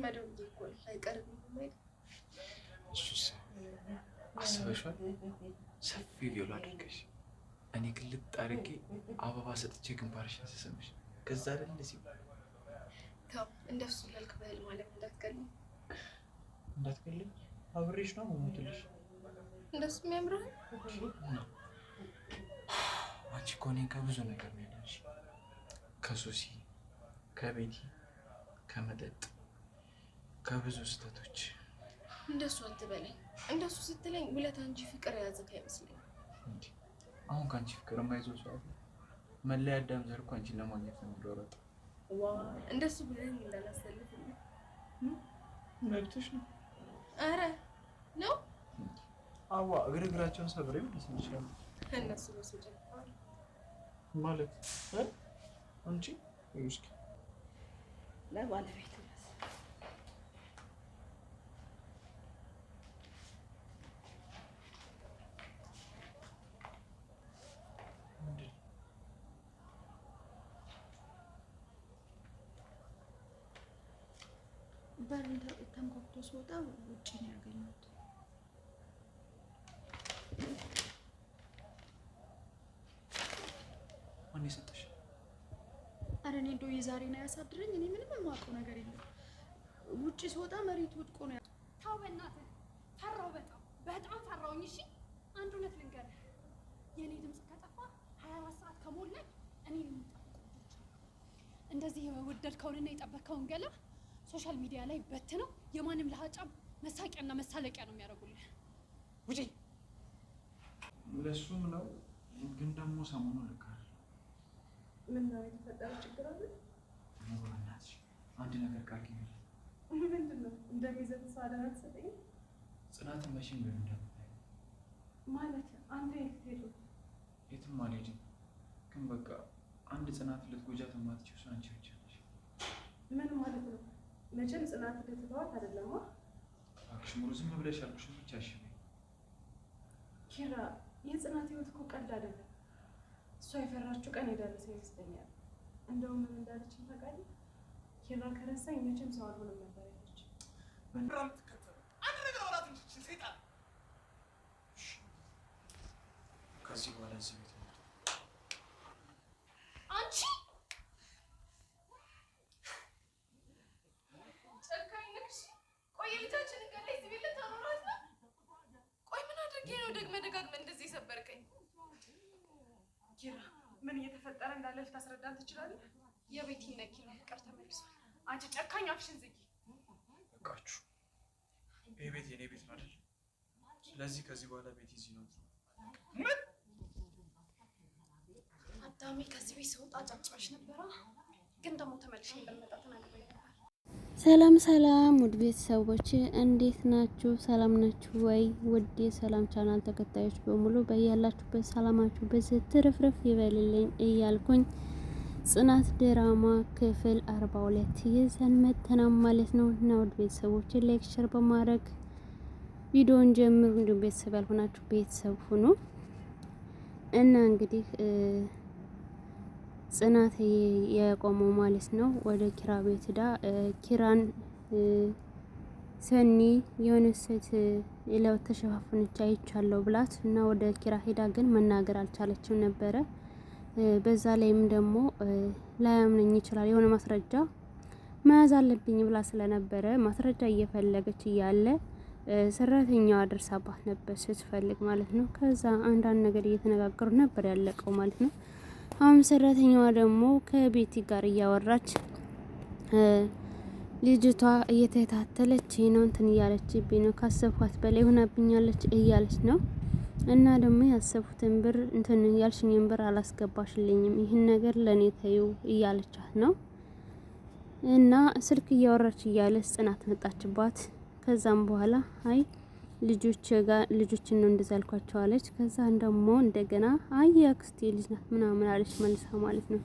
እንደተለመደው እኮ አይቀርም። እሱስ አስበሽዋል? ሰፊ አድርገሽ እኔ ግልጥ አድርጌ አበባ ሰጥቼ ግንባርሽን ስስምሽ ከዛ አይደል እንደዚህ ተው። እንደሱ ላልክ ማለት እንዳትገልኝ እንዳትገልኝ፣ አብሬሽ ነው የምሞትልሽ። እንደሱ አንቺ እኮ እኔን ከብዙ ነገር ነው ያለሽ፣ ከሱሲ፣ ከቤቲ፣ ከመጠጥ ከብዙ ስህተቶች እንደሱ አትበለኝ። እንደሱ ስትለኝ ውለታ እንጂ ፍቅር የያዘህ አይመስለኝም። አሁን ከአንቺ ፍቅር የማይዞ ሰው መለያ አዳም ዘር እኮ አንቺን ለማግኘት ነው የሚሮረጥ። ዋ እንደሱ ብለኝ እንዳላሰልፍ መብትሽ ነው። አረ ነው አዋ እግር እግራቸውን ሰብሬ መለስ ይችላል። እነሱ በሱ ጀምረዋል ማለት አንቺ ይሽክ ለባለቤት በሩን ተንኳኩቶ ስወጣ ውጭ ነው ያገኘሁት። ማን የሰጠሽ? ኧረ እኔ እንደው የዛሬ ነው ያሳድረኝ። እኔ ምንም የማውቀው ነገር የለም። ውጭ ስወጣ መሬት ወድቆ ነው ያው። ተው በእናትህ ፈራሁ፣ በጣም በጣም ፈራሁኝ። እሺ አንድ እውነት ልንገርህ፣ የእኔ ድምፅ ከጠፋ ሀያ አራት ሰዓት ከሞላኝ እኔ እንደዚህ የወደድከውንና የጠበቅከውን ገላ ሶሻል ሚዲያ ላይ በትነው የማንም ለሀጫም መሳቂያና መሳለቂያ ነው የሚያደርጉልህ። ውጪ። ለሱም ነው ግን ደግሞ ሰሞኑን ልካ ምን ነው የተፈጠረ ችግር አለ? አንድ ነገር ቃል ምንድን ነው እንደሚዘት ሰው አደራት ሰጠኝ ጽናት መሽን ወይም እንደምታይ ማለት አንተ ሄዱ? የትም አልሄድም። ግን በቃ አንድ ጽናት ልትጎጃት የማትችይው አንቺ ብቻ ነሽ። ምን ማለት ነው? መቼም ጽናት ትተዋት አይደለም። እባክሽ ሙሉ ዝም ብለሽ ያልኩሽን ብቻ እሺ። ኪራ የጽናት ህይወት እኮ ቀልድ አይደለም። እሷ የፈራችው ቀን የደረሰ ይመስለኛል። እንደውም ምን እንዳለችኝ ታውቃለህ? ኪራ ከረሳኝ መቼም ሰው አልሆንም ነበር ያለች። አንድ ነገር ነው ደግመህ ደጋግመህ እንደዚህ የሰበርከኝ? ኪራ፣ ምን እየተፈጠረ እንዳለ ልታስረዳን ትችላለህ? የቤቲና ኪራ ፍቅር ተመልሷል። አንቺ ጨካኝ አፍሽን ዝጊ። በቃችሁ። ይሄ ቤት የኔ ቤት ነው አይደል? ስለዚህ ከዚህ በኋላ ቤት እዚህ ነው። ምን አዳሜ፣ ከዚህ ቤት ስወጣ ጫጫሽ ነበራ፣ ግን ደግሞ ተመልሼ እንደምመጣ ተናግሬ ሰላም ሰላም ውድ ቤተሰቦች እንዴት ናችሁ? ሰላም ናችሁ ወይ? ውድ የሰላም ቻናል ተከታዮች በሙሉ በያላችሁበት ሰላማችሁ በዚህ ትርፍርፍ ይበልልኝ እያልኩኝ ጽናት ድራማ ክፍል አርባ ሁለት ይዘን መተናም ማለት ነው እና ውድ ቤተሰቦች ላይክ፣ ሸር በማድረግ ቪዲዮን ጀምሩ። እንዲሁም ቤተሰብ ያልሆናችሁ ቤተሰብ ሁኑ እና እንግዲህ ጽናት የቆመው ማለት ነው። ወደ ኪራ ቤት ዳ ኪራን ሰኒ የሆነ ሴት ለው ተሸፋፍነች አይቻለሁ ብላት እና ወደ ኪራ ሄዳ ግን መናገር አልቻለችም ነበረ። በዛ ላይም ደግሞ ላያምነኝ ይችላል የሆነ ማስረጃ መያዝ አለብኝ ብላ ስለነበረ ማስረጃ እየፈለገች እያለ ሰራተኛዋ ደርሳባት ነበር ስትፈልግ ማለት ነው። ከዛ አንዳንድ ነገር እየተነጋገሩ ነበር ያለቀው ማለት ነው። አሁን ሰራተኛዋ ደግሞ ከቤቲ ጋር እያወራች ልጅቷ እየተታተለች ነው እንትን እያለችብኝ ነው፣ ካሰብኳት በላይ ሆናብኛለች እያለች ነው። እና ደግሞ ያሰብኩትን ብር እንትን ያልሽኝን ብር አላስገባሽልኝም፣ ይህን ነገር ለእኔ ተይው እያለቻት ነው። እና ስልክ እያወራች እያለች ጽናት መጣችባት። ከዛም በኋላ አይ ልጆች ጋር ልጆችን ነው እንደዛ አልኳቸው አለች። ከዛን ደግሞ እንደገና አይ አክስቴ ልጅ ናት ምናምን አለች መልሳ ማለት ነው።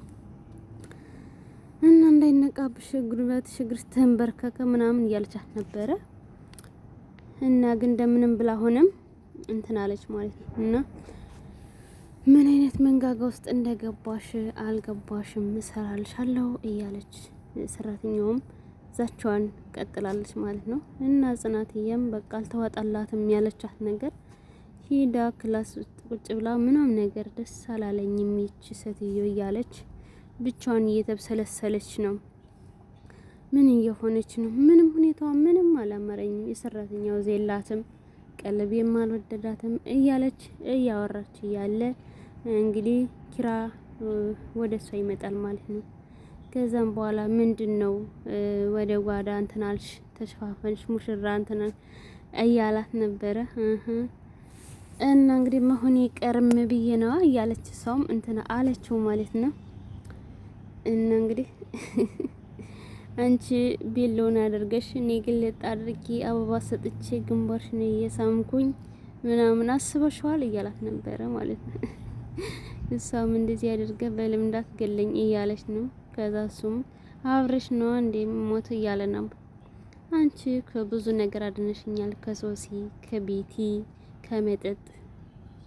እና እንዳይነቃብሽ ጉልበት ሽግር ተንበርከከ ምናምን እያለቻት ነበረ። እና ግን እንደምንም ብላ ሆነም እንትን አለች ማለት ነው። እና ምን አይነት መንጋጋ ውስጥ እንደገባሽ አልገባሽም እሰራልሻለሁ እያለች ሰራተኛውም ዛቻዋን ቀጥላለች ማለት ነው። እና ጽናትዬም በቃ አልተዋጣላትም ያለቻት ነገር ሂዳ ክላስ ውስጥ ቁጭ ብላ ምንም ነገር ደስ አላለኝም ይች ሴትዮ እያለች ብቻዋን እየተብሰለሰለች ነው። ምን እየሆነች ነው? ምንም ሁኔታዋ ምንም አላመረኝም፣ የሰራተኛው ዜላትም ቀለብ የማልወደዳትም እያለች እያወራች እያለ እንግዲህ ኪራ ወደ እሷ ይመጣል ማለት ነው። ከዛም በኋላ ምንድን ነው ወደ ጓዳ እንትናልሽ ተሽፋፈንሽ ሙሽራ እንትና እያላት ነበረ። እና እንግዲህ መሆን ይቀርም ብዬ ነዋ እያለች ሰውም እንትና አለችው ማለት ነው። እና እንግዲህ አንቺ ቢሎን አድርገሽ እኔ ግልጥ አድርጌ አበባ ሰጥቼ ግንባርሽን እየሳምኩኝ ምናምን አስበሽዋል እያላት ነበረ ማለት ነው። እሷም እንደዚህ አድርገ በልምዳት ገለኝ እያለች ነው። ከዛ እሱም አብረሽ ነው እንዴ ሞት እያለ ነው። አንቺ ከብዙ ነገር አድነሽኛል፣ ከሶሲ ከቤቲ ከመጠጥ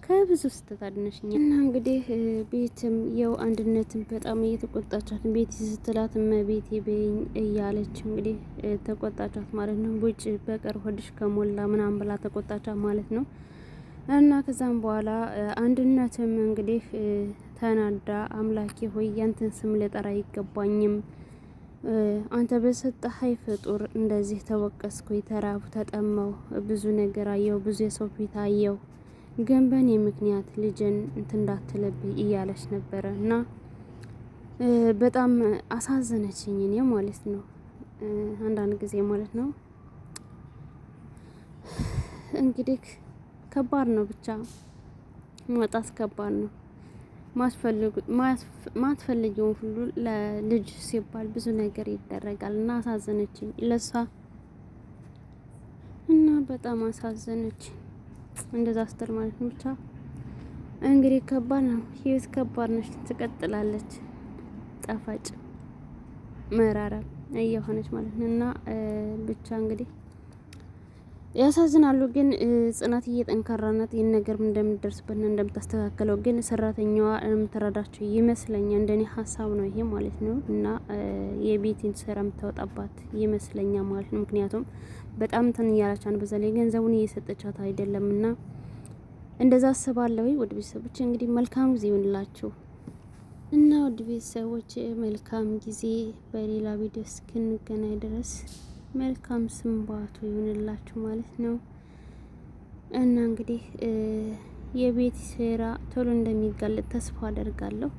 ከብዙ ስህተት አድነሽኛል። እና እንግዲህ ቤትም የው አንድነትም በጣም እየተቆጣቻት ቤቲ ስትላት መቤቲ በኝ እያለች እንግዲህ ተቆጣቻት ማለት ነው። ውጭ በቀር ሆድሽ ከሞላ ምናምን ብላ ተቆጣቻት ማለት ነው። እና ከዛም በኋላ አንድነትም እንግዲህ ተናዳ አምላኬ ሆይ ያንተን ስም ልጠራ አይገባኝም፣ አንተ በሰጠኸኝ ፍጡር እንደዚህ ተወቀስኩ፣ ተራቡ፣ ተጠመው፣ ብዙ ነገር አየው፣ ብዙ የሰው ፊት አየው፣ ግን በእኔ ምክንያት ልጅን እንትን እንዳትለብኝ እያለች ነበረ እና በጣም አሳዘነችኝ። እኔ ማለት ነው አንዳንድ ጊዜ ማለት ነው እንግዲህ ከባድ ነው ብቻ መውጣት ከባድ ነው። ማትፈልጊውን ሁሉ ለልጅ ሲባል ብዙ ነገር ይደረጋል እና አሳዘነችኝ ለሷ እና በጣም አሳዘነች። እንደዛ ስትል ማለት ነው። ብቻ እንግዲህ ከባድ ነው ህይወት፣ ከባድ ነች። ትቀጥላለች ጣፋጭ መራራ እየሆነች ማለት ነው እና ብቻ እንግዲህ ያሳዝናሉ። ግን ጽናት እየጠንካራናት ይህን ነገርም እንደምትደርስበትና እንደምታስተካከለው ግን ሰራተኛዋ የምትረዳቸው ይመስለኛል። እንደኔ ሀሳብ ነው ይሄ ማለት ነው። እና የቤትን ስራ የምታወጣባት ይመስለኛ ማለት ነው። ምክንያቱም በጣም እንትን እያላቻን በዛ ላይ ገንዘቡን እየሰጠቻት አይደለም። እና እንደዛ አስባለሁ። ወደ ቤተሰቦች እንግዲህ መልካም ጊዜ ይሆንላችሁ እና ወደ ቤተሰቦች መልካም ጊዜ በሌላ ቪዲዮ እስክንገናኝ ድረስ መልካም ስንባቱ ይሁንላችሁ ማለት ነው። እና እንግዲህ የቤት ስራ ቶሎ እንደሚጋለጥ ተስፋ አደርጋለሁ።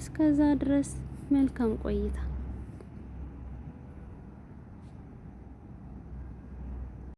እስከዛ ድረስ መልካም ቆይታ